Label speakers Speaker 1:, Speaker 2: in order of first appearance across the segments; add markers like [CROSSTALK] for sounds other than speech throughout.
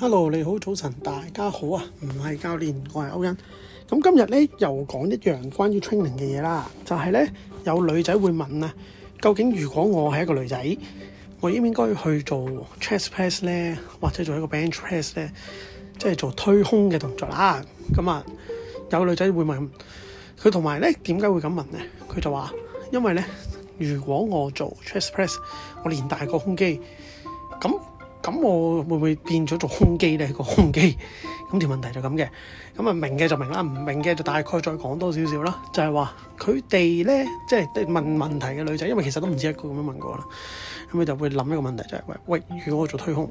Speaker 1: Hello，你好，早晨，大家好啊！唔係教練，我係歐恩。咁今日咧又講一樣關於 training 嘅嘢啦，就係咧有女仔會問啊，究竟如果我係一個女仔，我應唔應該去做 chest press 咧，或者做一個 bench press 咧，即係做推胸嘅動作啦？咁啊有女仔會問，佢同埋咧點解會咁問咧？佢就話因為咧如果我做 chest press，我練大個胸肌咁。咁我會唔會變咗做胸肌咧？個胸肌咁條問題就咁嘅，咁啊明嘅就明啦，唔明嘅就大概再講多少少啦。就係話佢哋咧，即係問問題嘅女仔，因為其實都唔止一個咁樣問過啦。咁佢就會諗一個問題，就係喂喂，如果我做推胸，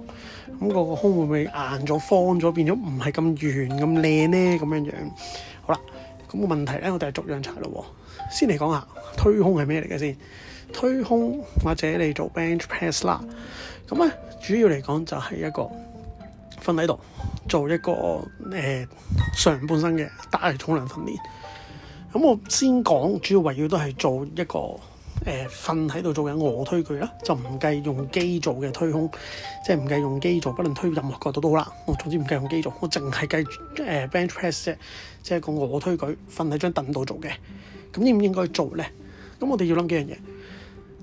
Speaker 1: 咁個個胸會唔會硬咗、方咗，變咗唔係咁圓、咁靚咧？咁樣樣好啦，咁個問題咧，我哋係逐樣查咯。先嚟講下推胸係咩嚟嘅先，推胸或者你做 bench press 啦。咁咧，主要嚟講就係一個瞓喺度，做一個誒、呃、上半身嘅大力重量訓練。咁我先講，主要圍繞都係做一個誒瞓喺度做緊卧推舉啦，就唔計用機做嘅推胸，即係唔計用機做，不論推任何角度都好啦。我總之唔計用機做，我淨係計誒、呃、bench press 啫，即係一個卧推舉瞓喺張凳度做嘅。咁應唔應該做咧？咁我哋要諗幾樣嘢。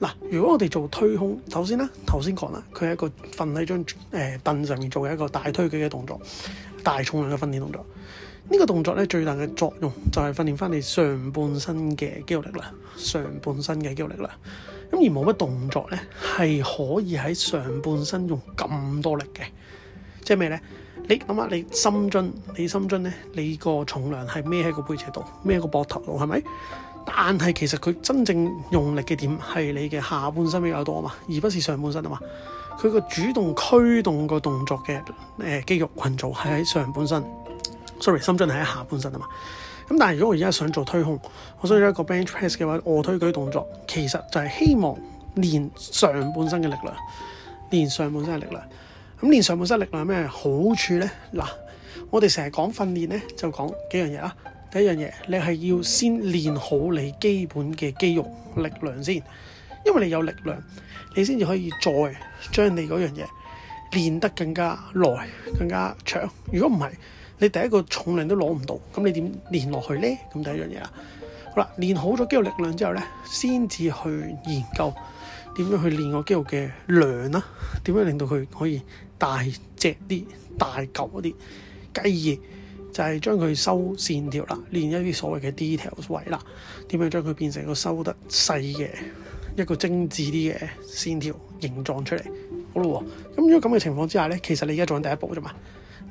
Speaker 1: 嗱，如果我哋做推胸，首先咧，頭先講啦，佢係一個瞓喺張誒凳上面做一個大推舉嘅動作，大重量嘅訓練動作。呢個動作呢，最大嘅作用就係訓練翻你上半身嘅肌肉力量，上半身嘅肌肉力量。咁而冇乜動作呢，係可以喺上半身用咁多力嘅，即係咩呢？你諗下，你深蹲，你深蹲呢，你個重量係孭喺個背脊度，孭個膊頭度，係咪？但係其實佢真正用力嘅點係你嘅下半身比較多啊嘛，而不是上半身啊嘛。佢個主動驅動個動作嘅誒、呃、肌肉群組係喺上半身，sorry，深蹲係喺下半身啊嘛。咁但係如果我而家想做推胸，我想要一個 bench press 嘅話，我推舉動，動作其實就係希望練上半身嘅力量，練上半身嘅力量。咁練上半身嘅力量有咩好處咧？嗱，我哋成日講訓練咧，就講幾樣嘢啊。第一樣嘢，你係要先練好你基本嘅肌肉力量先，因為你有力量，你先至可以再將你嗰樣嘢練得更加耐、更加長。如果唔係，你第一個重量都攞唔到，咁你點練落去呢？咁第一樣嘢啦。好啦，練好咗肌肉力量之後呢，先至去研究點樣去練個肌肉嘅量啦，點樣令到佢可以大隻啲、大嚿啲雞翼。就係將佢收線條啦，練一啲所謂嘅 details 位啦，點樣將佢變成一個收得細嘅一個精緻啲嘅線條形狀出嚟，好咯喎。咁如果咁嘅情況之下呢，其實你而家做緊第一步啫嘛。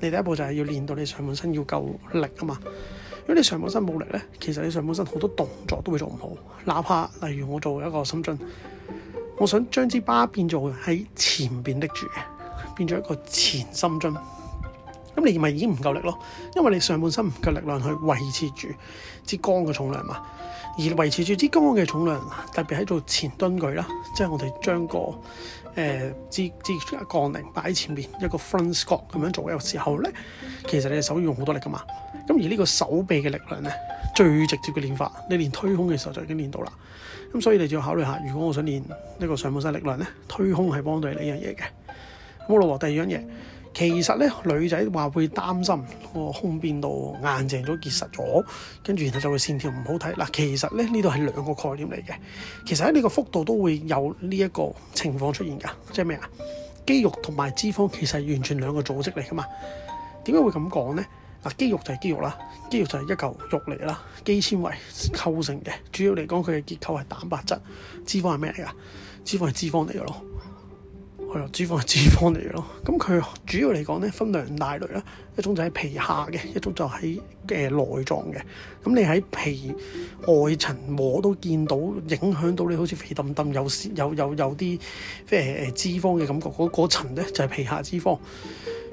Speaker 1: 你第一步就係要練到你上半身要夠力啊嘛。如果你上半身冇力呢，其實你上半身好多動作都會做唔好。哪怕例如我做一個深蹲，我想將支巴變做喺前邊拎住，變咗一個前深蹲。咁你咪已經唔夠力咯，因為你上半身唔夠力量去維持住支桿嘅重量嘛，而維持住支桿嘅重量，特別喺做前蹲舉啦，即係我哋將個誒支支槓鈴擺喺前面，一個 front squat 咁樣做嘅時候咧，其實你手要用好多力噶嘛。咁而呢個手臂嘅力量咧，最直接嘅練法，你練推胸嘅時候就已經練到啦。咁所以你就要考慮下，如果我想練呢個上半身力量咧，推胸係幫到你呢樣嘢嘅。好啦，第二樣嘢。其實咧，女仔話會擔心個胸變到硬淨咗結實咗，跟住然後就會線條唔好睇。嗱，其實咧呢度係兩個概念嚟嘅。其實喺呢個幅度都會有呢一個情況出現㗎，即係咩啊？肌肉同埋脂肪其實係完全兩個組織嚟㗎嘛。點解會咁講呢？嗱，肌肉就係肌肉啦，肌肉就係一嚿肉嚟啦，肌纖維構成嘅。主要嚟講，佢嘅結構係蛋白質，脂肪係咩嚟㗎？脂肪係脂肪嚟㗎咯。脂肪係脂肪嚟嘅咯。咁佢主要嚟講咧，分兩大類啦。一種就喺皮下嘅，一種就喺嘅內臟嘅。咁你喺皮外層摸都見到，影響到你好似肥揼揼，有有有啲誒誒脂肪嘅感覺。嗰嗰層咧就係皮下脂肪。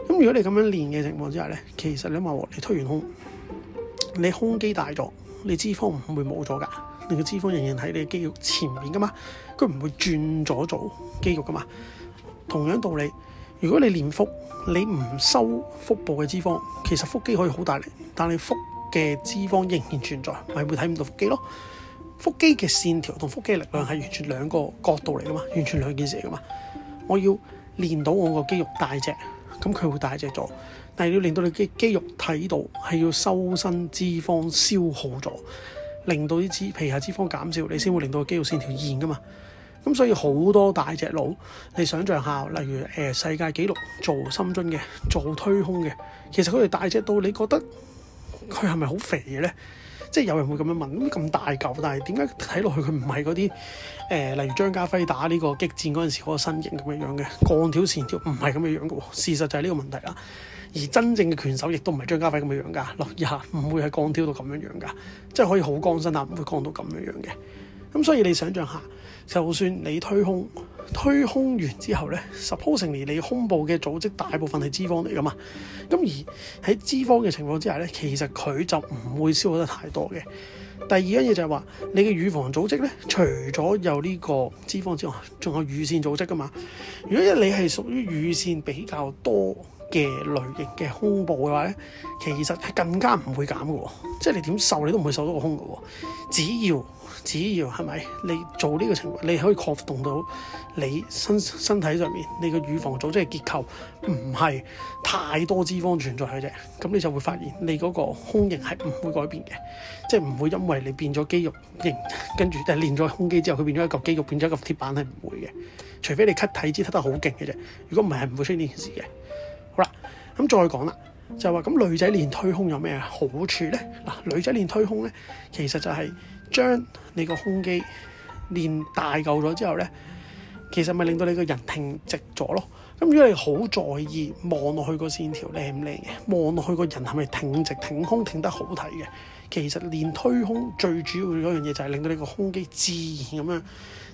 Speaker 1: 咁如果你咁樣練嘅情況之下咧，其實你話你推完胸，你胸肌大咗，你脂肪唔會冇咗㗎。你嘅脂肪仍然喺你嘅肌肉前面㗎嘛，佢唔會轉咗做肌肉㗎嘛。同樣道理，如果你練腹，你唔收腹部嘅脂肪，其實腹肌可以好大力，但你腹嘅脂肪仍然存在，咪會睇唔到腹肌咯。腹肌嘅線條同腹肌嘅力量係完全兩個角度嚟噶嘛，完全兩件事嚟噶嘛。我要練到我個肌肉大隻，咁佢會大隻咗，但係要令到你肌肌肉睇到係要收身脂肪消耗咗，令到啲脂皮下脂肪減少，你先會令到個肌肉線條現噶嘛。咁所以好多大隻佬，你想像下，例如誒、呃、世界紀錄做深蹲嘅，做推胸嘅，其實佢哋大隻到，你覺得佢係咪好肥嘅咧？即係有人會咁樣問，咁大嚿，但係點解睇落去佢唔係嗰啲誒？例如張家輝打呢個激戰嗰陣時嗰個身形咁嘅樣嘅，鋼條線條唔係咁嘅樣嘅。事實就係呢個問題啦。而真正嘅拳手亦都唔係張家輝咁嘅樣㗎，落日唔會係鋼條到咁樣樣㗎，即係可以好剛身，但唔會剛到咁樣樣嘅。咁所以你想像下。就算你推胸，推胸完之後呢，supposing 你胸部嘅組織大部分係脂肪嚟㗎嘛，咁而喺脂肪嘅情況之下呢，其實佢就唔會消耗得太多嘅。第二樣嘢就係話，你嘅乳房組織呢，除咗有呢個脂肪之外，仲有乳腺組織㗎嘛。如果你係屬於乳腺比較多嘅類型嘅胸部嘅話咧，其實係更加唔會減嘅喎。即係你點瘦，你都唔會瘦到個胸嘅喎。只要只要係咪你做呢個情況，你可以擴動到你身身體上面你個乳房組織嘅結構唔係太多脂肪存在嘅啫。咁你就會發現你嗰個胸型係唔會改變嘅，即係唔會因為你變咗肌肉型，跟住但係練咗胸肌之後，佢變咗一個肌肉變咗一個鐵板係唔會嘅。除非你 cut 體脂 cut 得好勁嘅啫。如果唔係，係唔會出現呢件事嘅。咁再講啦，就話咁女仔練推胸有咩好處呢？嗱，女仔練推胸呢，其實就係將你個胸肌練大夠咗之後呢，其實咪令到你個人挺直咗咯。咁如果你好在意望落去個線條靚唔靚嘅，望落去個人係咪挺直挺胸挺得好睇嘅，其實練推胸最主要嗰樣嘢就係令到你個胸肌自然咁樣。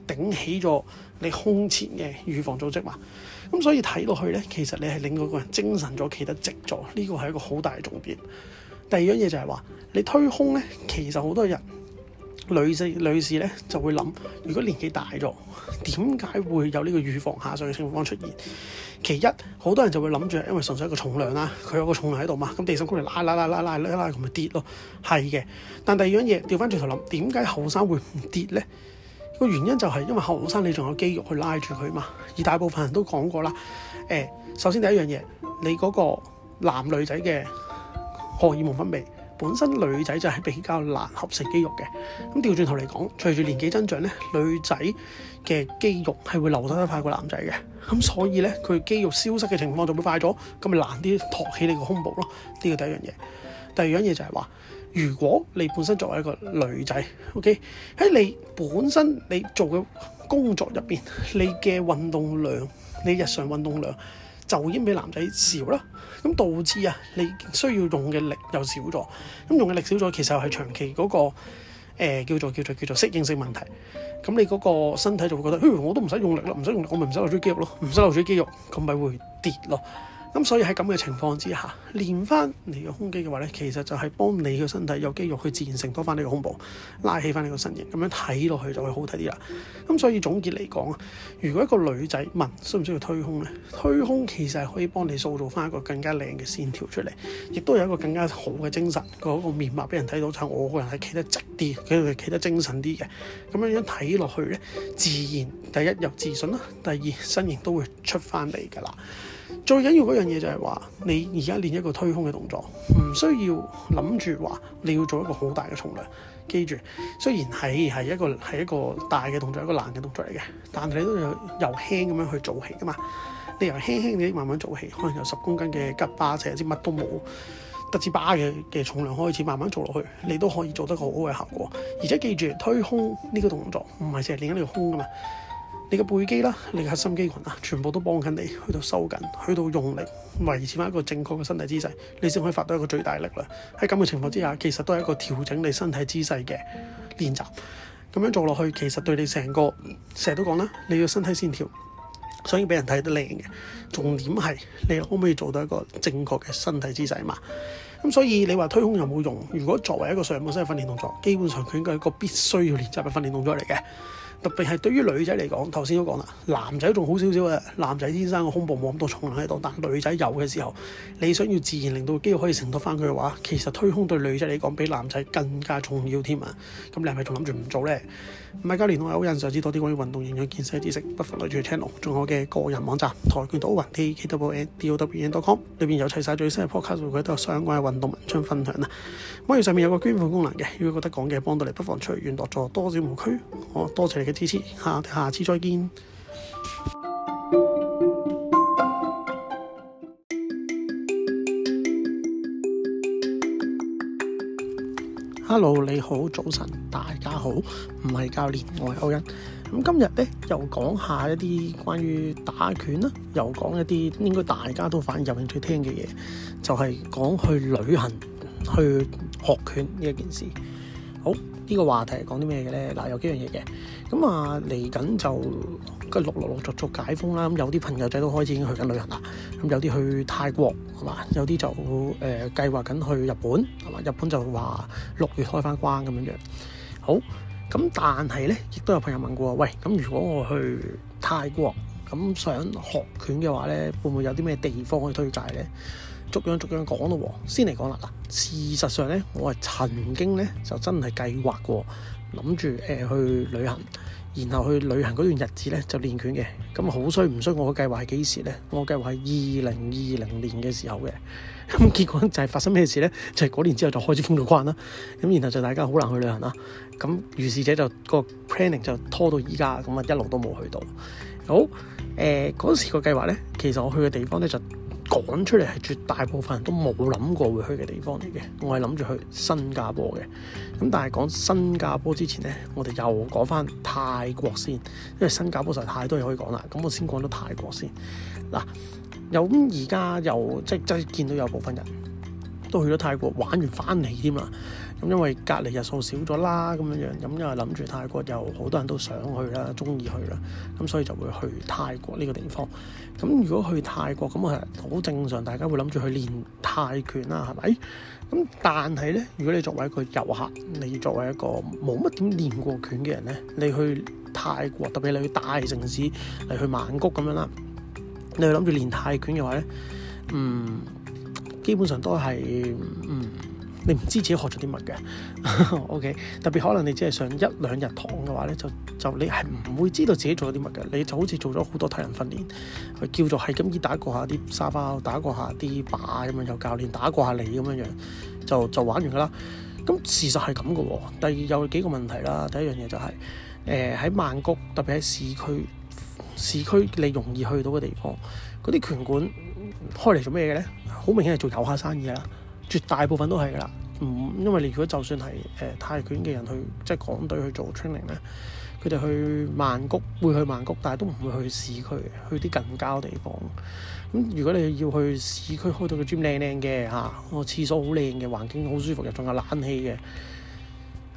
Speaker 1: 頂起咗你胸前嘅乳房組織嘛，咁所以睇落去咧，其實你係令到個人精神咗，企得直咗。呢個係一個好大嘅重點。第二樣嘢就係話，你推胸咧，其實好多人女士女士咧就會諗，如果年紀大咗，點解會有呢個乳房下垂嘅情況出現？其一，好多人就會諗住因為純粹一個重量啦，佢有個重量喺度嘛，咁地心引力拉拉拉拉拉拉咁咪跌咯，係嘅。但第二樣嘢，調翻轉頭諗，點解後生會唔跌咧？個原因就係因為後生你仲有肌肉去拉住佢嘛，而大部分人都講過啦，欸，首先第一樣嘢，你嗰個男女仔嘅荷爾蒙分泌，本身女仔就係比較難合成肌肉嘅。咁調轉頭嚟講，隨住年紀增長咧，女仔嘅肌肉係會流失得快過男仔嘅，咁所以咧佢肌肉消失嘅情況就會快咗，咁咪難啲托起你個胸部咯。呢個第一樣嘢，第二樣嘢就係話。如果你本身作為一個女仔，OK 喺你本身你做嘅工作入邊，你嘅運動量，你日常運動量就已經比男仔少啦。咁導致啊，你需要用嘅力又少咗。咁用嘅力少咗，其實係長期嗰、那個、呃、叫做叫做叫做、叫做適應性問題。咁你嗰個身體就會覺得，我都唔使用、用力啦，唔使用、用力，我咪唔使留啲肌肉咯，唔使留啲肌肉，咁咪會跌咯。咁所以喺咁嘅情況之下，練翻你嘅胸肌嘅話咧，其實就係幫你嘅身體有肌肉去自然承托翻你嘅胸部，拉起翻你個身形，咁樣睇落去就會好睇啲啦。咁所以總結嚟講啊，如果一個女仔問需唔需要推胸咧，推胸其實係可以幫你塑造翻一個更加靚嘅線條出嚟，亦都有一個更加好嘅精神，嗰個面貌俾人睇到就係我個人係企得直啲，佢企得精神啲嘅。咁樣樣睇落去咧，自然第一有自信啦，第二身形都會出翻嚟噶啦。最緊要嗰樣嘢就係話，你而家練一個推胸嘅動作，唔需要諗住話你要做一個好大嘅重量。記住，雖然係係一個係一個大嘅動作，一個難嘅動作嚟嘅，但係你都要由輕咁樣去做起噶嘛。你由輕輕地慢慢做起，可能由十公斤嘅吉巴，甚至啲乜都冇，得支巴嘅嘅重量開始慢慢做落去，你都可以做得個好好嘅效果。而且記住，推胸呢個動作唔係淨係練緊個胸噶嘛。你嘅背肌啦，你嘅核心肌群啊，全部都幫緊你去到收緊，去到用力維持翻一個正確嘅身體姿勢，你先可以發到一個最大力啦。喺咁嘅情況之下，其實都係一個調整你身體姿勢嘅練習。咁樣做落去，其實對你成個成日都講啦，你要身體線條，所以俾人睇得靚嘅，重點係你可唔可以做到一個正確嘅身體姿勢嘛？咁所以你話推胸有冇用？如果作為一個上半身嘅訓練動作，基本上佢應該係一個必須要練習嘅訓練動作嚟嘅。特別係對於女仔嚟講，頭先都講啦，男仔仲好少少嘅，男仔天生個胸部冇咁多重量喺度，但女仔有嘅時候，你想要自然令到肌肉可以承托翻佢嘅話，其實推胸對女仔嚟講比男仔更加重要添啊！咁你係咪仲諗住唔做呢？唔係教練同友人，想知道啲關於運動營養健身嘅知識，不妨嚟住 channel。仲有我嘅個人網站跆拳道 Wen taekwondowen.com，裏邊有齊晒最新嘅 podcast，佢都有相關嘅運動文章分享啊，網頁上面有個捐款功能嘅，如果覺得講嘅幫到你，不妨隨緣樂助，多少無拘。我多謝你嘅支持，下下次再見。Hello，你好，早晨，大家好，唔係教練，我係歐欣。咁今日咧又講下一啲關於打拳啦，又講一啲應該大家都反而有興趣聽嘅嘢，就係講去旅行去學拳呢一件事。好，呢個話題係講啲咩嘅咧？嗱，有幾樣嘢嘅。咁啊，嚟緊就～陸陸續續解封啦，咁有啲朋友仔都開始已經去緊旅行啦。咁有啲去泰國係嘛，有啲就誒計劃緊去日本係嘛，日本就話六月開返關咁樣樣。好，咁但係咧，亦都有朋友問過，喂，咁如果我去泰國咁想學拳嘅話咧，會唔會有啲咩地方可以推介咧？逐樣逐樣講咯。先嚟講啦嗱，事實上咧，我係曾經咧就真係計劃過，諗住誒去旅行。然後去旅行嗰段日子咧就練拳嘅，咁好衰唔衰？不我嘅計劃係幾時呢？我計劃係二零二零年嘅時候嘅，咁結果就係發生咩事呢？就係、是、嗰年之後就開始封咗關啦，咁然後就大家好難去旅行啦，咁於是者就、那個 planning 就拖到依家，咁啊一路都冇去到。好，誒、呃、嗰時個計劃呢，其實我去嘅地方呢，就。講出嚟係絕大部分人都冇諗過會去嘅地方嚟嘅，我係諗住去新加坡嘅。咁但係講新加坡之前呢，我哋又講翻泰國先，因為新加坡實在太多嘢可以講啦。咁我先講咗泰國先。嗱，又咁而家又即係見到有部分人都去咗泰國玩完翻嚟添啦。咁因為隔離日數少咗啦，咁樣樣，咁因為諗住泰國又好多人都想去啦，中意去啦，咁所以就會去泰國呢個地方。咁如果去泰國，咁係好正常，大家會諗住去練泰拳啦，係咪？咁但係呢，如果你作為一個遊客，你作為一個冇乜點練過拳嘅人呢，你去泰國，特別你去大城市，你去曼谷咁樣啦，你去諗住練泰拳嘅話呢，嗯，基本上都係嗯。你唔知自己學咗啲乜嘅，OK？特別可能你只係上一兩日堂嘅話咧，就就你係唔會知道自己做咗啲乜嘅。你就好似做咗好多體能訓練，佢叫做係咁打過下啲沙包，打過下啲靶咁樣，有教練打過下你咁樣樣，就就玩完㗎喇。咁事實係咁㗎喎。第二有幾個問題啦。第一樣嘢就係，呃，喺曼谷，特別喺市區，市區你容易去到嘅地方，嗰啲拳館開嚟做咩嘅咧？好明顯係做遊客生意啦。絕大部分都係㗎啦，唔、嗯、因為你如果就算係誒、呃、泰拳嘅人去即係港隊去做 training 咧，佢哋去曼谷會去曼谷，但係都唔會去市區，去啲近郊地方。咁如果你要去市區開到個 gym 靚靚嘅嚇，個、啊、廁所好靚嘅，環境好舒服，入仲有冷氣嘅，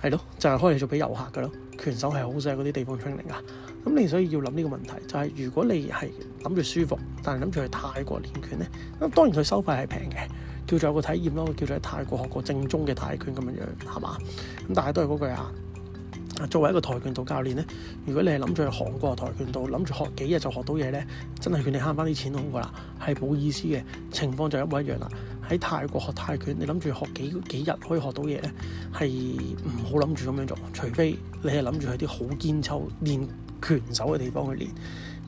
Speaker 1: 係咯，就係開嚟做俾遊客㗎咯。拳手係好少喺嗰啲地方 training 噶。咁你所以要諗呢個問題，就係、是、如果你係諗住舒服，但係諗住去泰國練拳咧，咁當然佢收費係平嘅。叫做有個體驗咯，叫做喺泰國學過正宗嘅泰拳咁樣樣，係嘛？咁但係都係嗰句啊，作為一個跆拳道教練咧，如果你係諗住去韓國跆拳道諗住學幾日就學到嘢咧，真係勸你慳翻啲錢好過啦，係冇意思嘅。情況就一模一樣啦，喺泰國學泰拳，你諗住學幾幾日可以學到嘢咧，係唔好諗住咁樣做，除非你係諗住喺啲好堅秋練拳手嘅地方去練。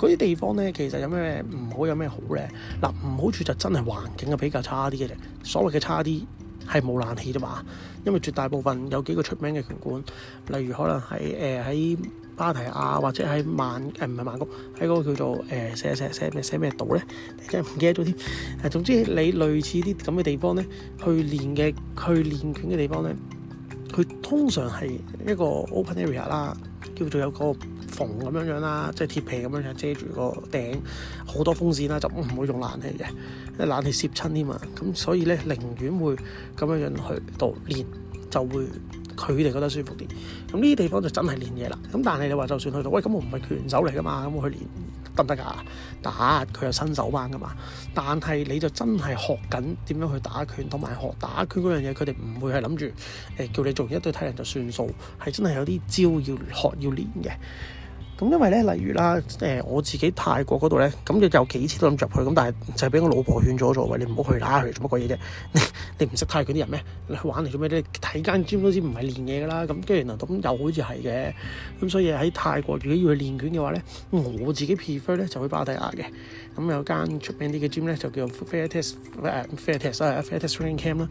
Speaker 1: 嗰啲地方咧，其實有咩唔好，有咩好咧？嗱，唔好處就真係環境啊比較差啲嘅，所謂嘅差啲係冇冷氣啫嘛。因為絕大部分有幾個出名嘅拳館，例如可能喺誒喺巴提亞或者喺曼誒唔係曼谷，喺嗰個叫做誒、呃、寫寫寫咩寫咩島咧，你真係唔記得咗添。總之你類似啲咁嘅地方咧，去練嘅去練拳嘅地方咧，佢通常係一個 open area 啦，叫做有個。咁樣樣啦，即係鐵皮咁樣樣遮住個頂，好多風扇啦，就唔會用冷氣嘅，因為冷氣攝親添嘛。咁所以咧，寧願會咁樣樣去到練，就會佢哋覺得舒服啲。咁呢啲地方就真係練嘢啦。咁但係你話就算去到，喂，咁我唔係拳手嚟㗎嘛，咁我去練得唔得㗎？打佢有新手班㗎嘛。但係你就真係學緊點樣去打拳，同埋學打拳嗰樣嘢，佢哋唔會係諗住誒叫你做一對體能就算數，係真係有啲招要學要練嘅。咁因為咧，例如啦，誒、呃、我自己泰國嗰度咧，咁、嗯、就有幾次都諗入去，咁但係就係俾我老婆勸咗咗喂，你唔好去啦，去做乜鬼嘢啫？你你唔識泰拳啲人咩？你去玩嚟做咩啫？睇間 gym 都知唔係練嘢噶啦。咁跟住原來咁、嗯、又好似係嘅。咁、嗯、所以喺泰國如果要去練拳嘅話咧，我自己 prefer 咧就去巴提亞嘅。咁、嗯、有一間出名啲嘅 gym 咧就叫 Fairtex，誒 Fairtex 啊 Fairtex Training Camp 咯。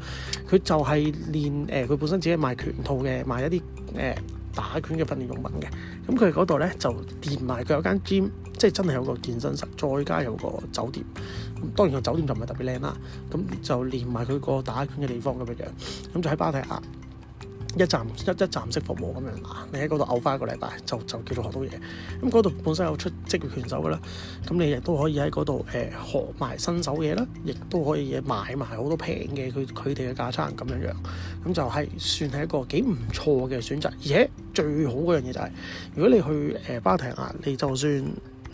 Speaker 1: 佢就係練誒，佢本身自己係賣拳套嘅，賣一啲誒、呃、打拳嘅訓練用品嘅。咁佢嗰度咧就連埋佢有間 gym，即係真係有個健身室，再加有個酒店。當然個酒店就唔係特別靚啦。咁就連埋佢個打拳嘅地方咁嘅樣，咁就喺巴提亞。一站一一站式服務咁樣啊！你喺嗰度嘔翻一個禮拜，就就叫做學到嘢。咁嗰度本身有出職業拳手嘅啦，咁你亦都可以喺嗰度誒學埋新手嘢啦，亦都可以嘢買埋好多平嘅佢佢哋嘅價差咁樣樣。咁就係、是、算係一個幾唔錯嘅選擇，而、yeah, 且最好嗰樣嘢就係、是、如果你去誒芭提雅，你就算。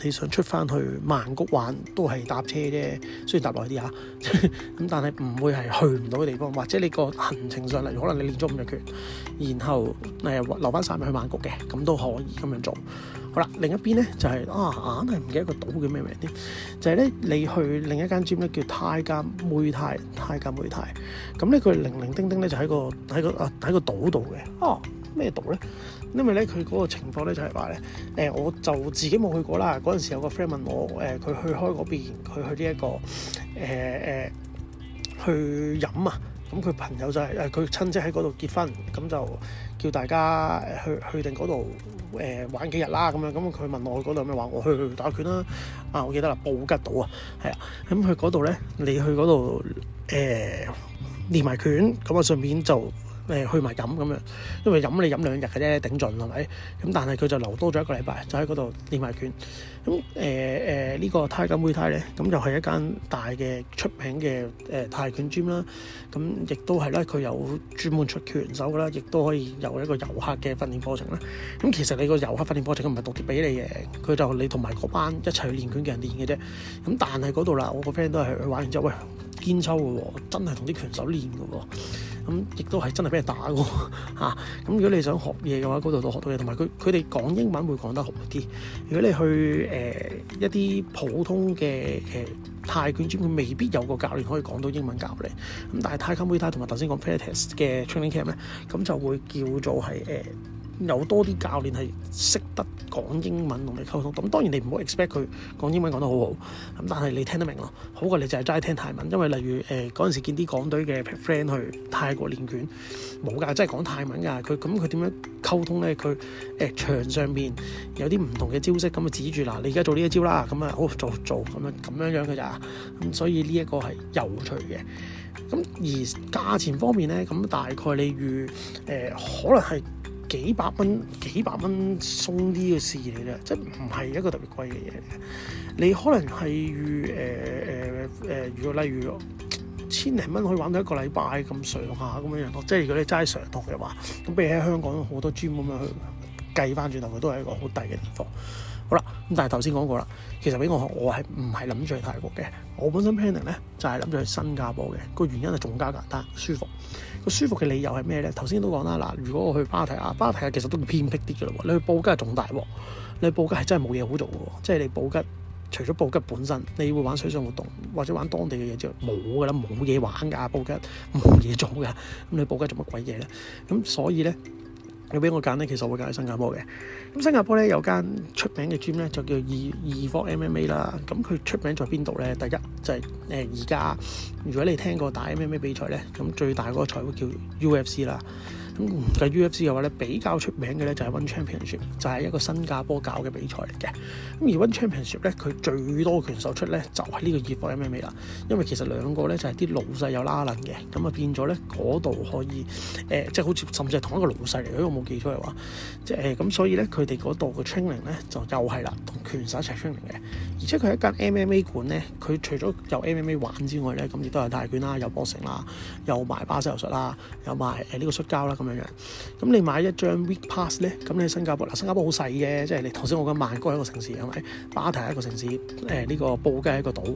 Speaker 1: 你想出翻去曼谷玩都係搭車啫，雖然搭耐啲嚇，咁但係唔會係去唔到嘅地方，或者你個行程上嚟，可能你練咗五日拳，然後誒留翻三日咪去曼谷嘅，咁都可以咁樣做。好啦，另一邊咧就係啊硬係唔記得個島叫咩名添，就係咧你去另一間 gym 咧叫泰加梅泰泰加梅泰，咁咧佢零零丁丁咧就喺個喺個啊喺個島度嘅，哦咩島咧？因為咧，佢嗰個情況咧就係話咧，誒、呃，我就自己冇去過啦。嗰陣時有個 friend 問我，誒、呃，佢去開嗰邊，佢去呢、這、一個，誒、呃、誒、呃，去飲啊。咁佢朋友就係、是、誒，佢親戚喺嗰度結婚，咁就叫大家誒去去定嗰度誒玩幾日啦。咁樣咁佢問我嗰度有咩話，我去去打拳啦、啊。啊，我記得啦，布吉島啊，係啊。咁去嗰度咧，你去嗰度誒練埋拳，咁我順便就。去埋飲咁樣，因為飲你飲兩日嘅啫，頂盡係咪？咁但係佢就留多咗一個禮拜，就喺嗰度練埋拳。咁、嗯、誒、呃這個、呢個 Tiger Muay Thai 咧，咁、嗯、就係、是、一間大嘅出名嘅、呃、泰拳 gym 啦、啊。咁、嗯、亦都係啦，佢有專門出拳手嘅啦，亦、啊、都可以有一個遊客嘅訓練課程啦。咁、啊嗯、其實你個遊客訓練課程佢唔係獨佔俾你嘅，佢就你同埋嗰班一齊去練拳嘅人練嘅啫。咁、啊嗯嗯、但係嗰度啦，我個 friend 都係去玩完之後。喂肩秋嘅喎，真係同啲拳手練嘅喎，咁亦都係真係俾人打嘅喎，咁、啊、如果你想學嘢嘅話，嗰度都學到嘢，同埋佢佢哋講英文會講得好啲。如果你去誒、呃、一啲普通嘅誒泰拳館，佢未必有個教練可以講到英文教你。咁但係泰康會泰同埋頭先講 p r a r a t e s 嘅 training camp 咧，咁就會叫做係誒。呃有多啲教練係識得講英文同你溝通，咁當然你唔好 expect 佢講英文講得好好，咁但係你聽得明咯，好過你就係齋聽泰文。因為例如誒嗰陣時見啲港隊嘅 friend 去泰國練拳冇㗎，真係講泰文㗎。佢咁佢點樣溝通咧？佢誒、呃、場上面有啲唔同嘅招式，咁啊指住嗱、呃，你而家做呢一招啦，咁啊好做做咁樣咁樣樣嘅咋咁。所以呢一個係有趣嘅。咁而價錢方面咧，咁大概你預誒可能係。幾百蚊，幾百蚊鬆啲嘅事嚟啦，即係唔係一個特別貴嘅嘢。你可能係預誒誒誒，如、呃、果、呃呃呃、例如千零蚊可以玩到一個禮拜咁上下咁樣樣咯。即係如果你齋上堂嘅話，咁比起香港好多 gym 咁樣去計返轉頭，佢都係一個好低嘅地方。好啦，咁但係頭先講過啦，其實俾我我係唔係諗住去泰國嘅，我本身 planning 咧就係諗住去新加坡嘅。個原因係仲加簡單舒服，個舒服嘅理由係咩咧？頭先都講啦，嗱，如果我去芭提亞，芭提亞其實都偏僻啲嘅咯，你去布吉係仲大喎，你去布吉係真係冇嘢好做嘅，即係你布吉除咗布吉本身，你會玩水上活動或者玩當地嘅嘢，之外，冇噶啦，冇嘢玩噶，布吉冇嘢做噶，咁你去布吉做乜鬼嘢咧？咁所以咧。佢俾我揀咧？其實我會揀喺新加坡嘅。咁新加坡咧，有間出名嘅 gym 咧就叫 Evolve MMA 啦。咁佢出名在邊度咧？第一就係誒而家如果你聽過大 MMA 比賽咧，咁最大嗰個賽會叫 UFC 啦。咁嘅 UFC 嘅話咧，比較出名嘅咧就係 One Championship，就係一個新加坡搞嘅比賽嚟嘅。咁而 One Championship 咧，佢最多拳手出咧就係、是、呢個熱火 MMA 啦，因為其實兩個咧就係、是、啲老細有拉嘅，咁啊變咗咧嗰度可以、呃、即係好似甚至係同一個老細嚟嘅，如果我冇記錯嘅話，即係誒咁，所以咧佢哋嗰度嘅 training 咧就又係啦，同拳手一齊 training 嘅。而且佢係一間 MMA 館咧，佢除咗有 MMA 玩之外咧，咁亦都有泰拳啦，有搏擊啦，有埋巴西柔術啦，有埋誒呢個摔跤啦。咁樣樣，咁你買一張 week pass 咧，咁你喺新加坡嗱，新加坡好細嘅，即係你頭先我講曼谷係一個城市係咪？巴提一個城市，誒呢個、欸這個布吉係一個島，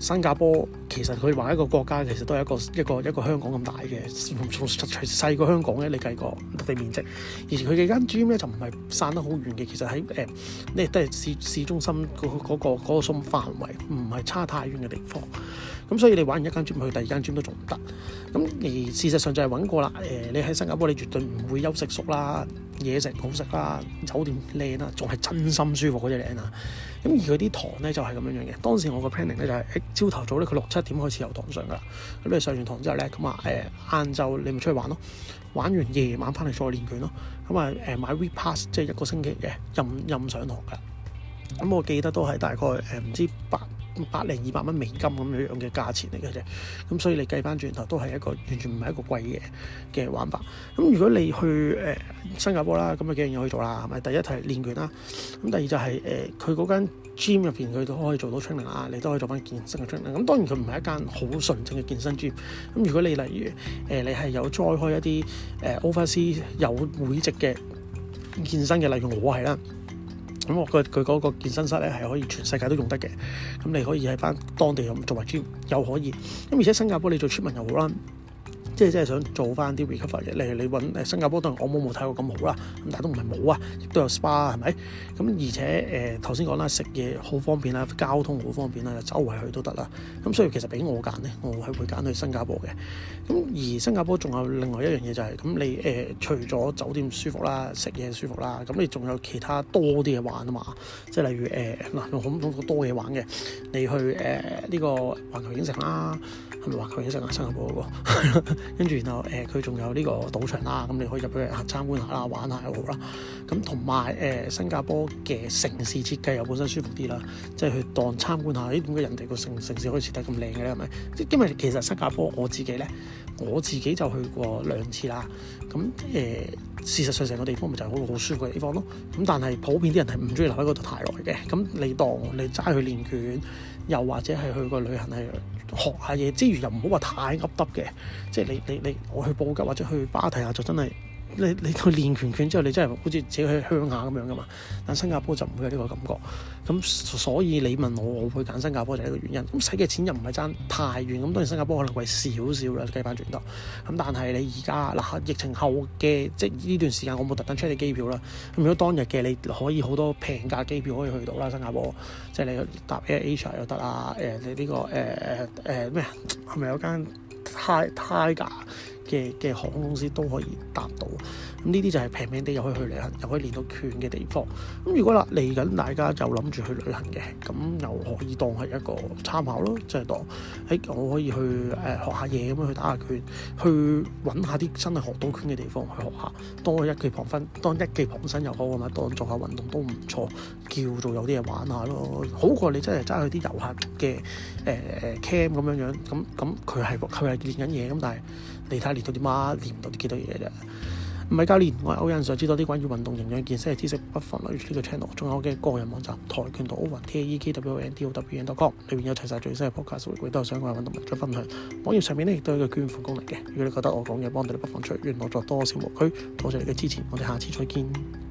Speaker 1: 新加坡其實佢話一個國家其實都係一個一個一個香港咁大嘅，從從細細過香港咧，你計個地面積，而佢幾間 gym 咧就唔係散得好遠嘅，其實喺誒你都係市市中心的、那個個個嗰個範圍，唔係差太遠嘅地方，咁所以你玩完一間 gym 去第二間 gym 都仲唔得，咁而事實上就係揾過啦，誒、欸、你喺新加坡。你絕對唔會休息宿啦，嘢食好食啦，酒店靚啦，仲係真心舒服嗰隻靚啊！咁而佢啲堂咧就係咁樣樣嘅。當時我個 planning 咧就係朝頭早咧佢六七點開始有堂上噶啦，咁你上完堂之後咧，咁啊誒晏晝你咪出去玩咯，玩完夜晚翻嚟再練拳咯，咁啊誒買 week pass 即係一個星期嘅任任上堂噶。咁我記得都係大概誒唔知道八百零二百蚊美金咁樣樣嘅價錢嚟嘅啫，咁所以你計翻轉頭都係一個完全唔係一個貴嘅嘅玩法。咁如果你去誒、呃、新加坡啦，咁啊幾樣嘢可以做啦，係咪？第一係練拳啦，咁第二就係誒佢嗰間 gym 入邊佢都可以做到 training 啦，你都可以做翻健身嘅 training。咁當然佢唔係一間好純正嘅健身 gym。咁如果你例如誒、呃、你係有再開一啲誒 Oversea 有會籍嘅健身嘅，例如我係啦。咁我佢嗰個健身室咧，係可以全世界都用得嘅，咁你可以喺翻當地咁做為專，又可以咁。而且新加坡你做出民又好啦。即係真係想做翻啲 recover 嘅，例如你揾新加坡，當然按摩冇泰國咁好啦，咁但係都唔係冇啊，亦都有 SPA 係咪？咁而且誒頭先講啦，食嘢好方便啦，交通好方便啦，周圍去都得啦。咁所以其實俾我揀咧，我係會揀去新加坡嘅。咁而新加坡仲有另外一樣嘢就係、是、咁你誒、呃、除咗酒店舒服啦、食嘢舒服啦，咁你仲有其他多啲嘢玩啊嘛？即係例如誒嗱，我諗到好多嘢玩嘅，你去誒呢、呃這個環球影城啦，係咪環球影城啊？新加坡嗰、那個。 [LAUGHS] 跟住然後誒佢仲有呢個賭場啦，咁你可以入去行參觀一下啦，玩一下又好啦。咁同埋誒新加坡嘅城市設計又本身舒服啲啦，即係去當參觀一下，咦點解人哋個城城市可以設計咁靚嘅咧？係咪？因為其實新加坡我自己咧，我自己就去過兩次啦。咁誒、呃、事實上成個地方咪就係好好舒服嘅地方咯。咁但係普遍啲人係唔中意留喺嗰度太耐嘅。咁你當你齋去練拳，又或者係去個旅行係。學下嘢之餘，又唔好話太噏耷嘅，即係你你你，我去布吉，或者去芭堤雅，就真係。你你去練拳拳之後，你真係好似自己去鄉下咁樣噶嘛？但新加坡就唔會有呢個感覺。咁所以你問我，我去揀新加坡就係呢個原因。咁使嘅錢又唔係爭太遠。咁當然新加坡可能貴少少啦，計翻轉頭。咁但係你而家嗱，疫情後嘅即係呢段時間，我冇特登 check 你機票啦。咁如果當日嘅你可以好多平價機票可以去到啦，新加坡即係你搭 AirAsia 又得啦。誒你呢個誒誒咩啊？係咪有間 Tiger？嘅嘅航空公司都可以搭到。咁呢啲就係平平啲又可以去旅行，又可以練到拳嘅地方。咁如果啦嚟緊，大家就諗住去旅行嘅咁，又可以當係一個參考咯，即、就、係、是、當誒、欸、我可以去、呃、學下嘢咁樣去打下拳，去揾下啲真係學到拳嘅地方去學下。當一技旁分，當一技傍身又好啊嘛。當做下運動都唔錯，叫做有啲嘢玩下咯。好過你真係揸去啲遊客嘅 cam 咁樣樣咁咁，佢係佢係練緊嘢咁，但係。你睇下練到啲乜，練唔到啲幾多嘢啫。唔係教練，我係歐仁，想知道啲關於運動營養健身嘅知識，不妨嚟呢個 channel，仲有我嘅個人網站跆拳道 Owen T A E K W O N D O W E N dot com，裏面有齊晒最新嘅 podcast，回季都有相關嘅運動文章分享。網頁上面呢亦都有個捐款功能嘅，如果你覺得我講嘢幫到你，不妨隨緣樂助，多少無拘，多謝你嘅支持，我哋下次再見。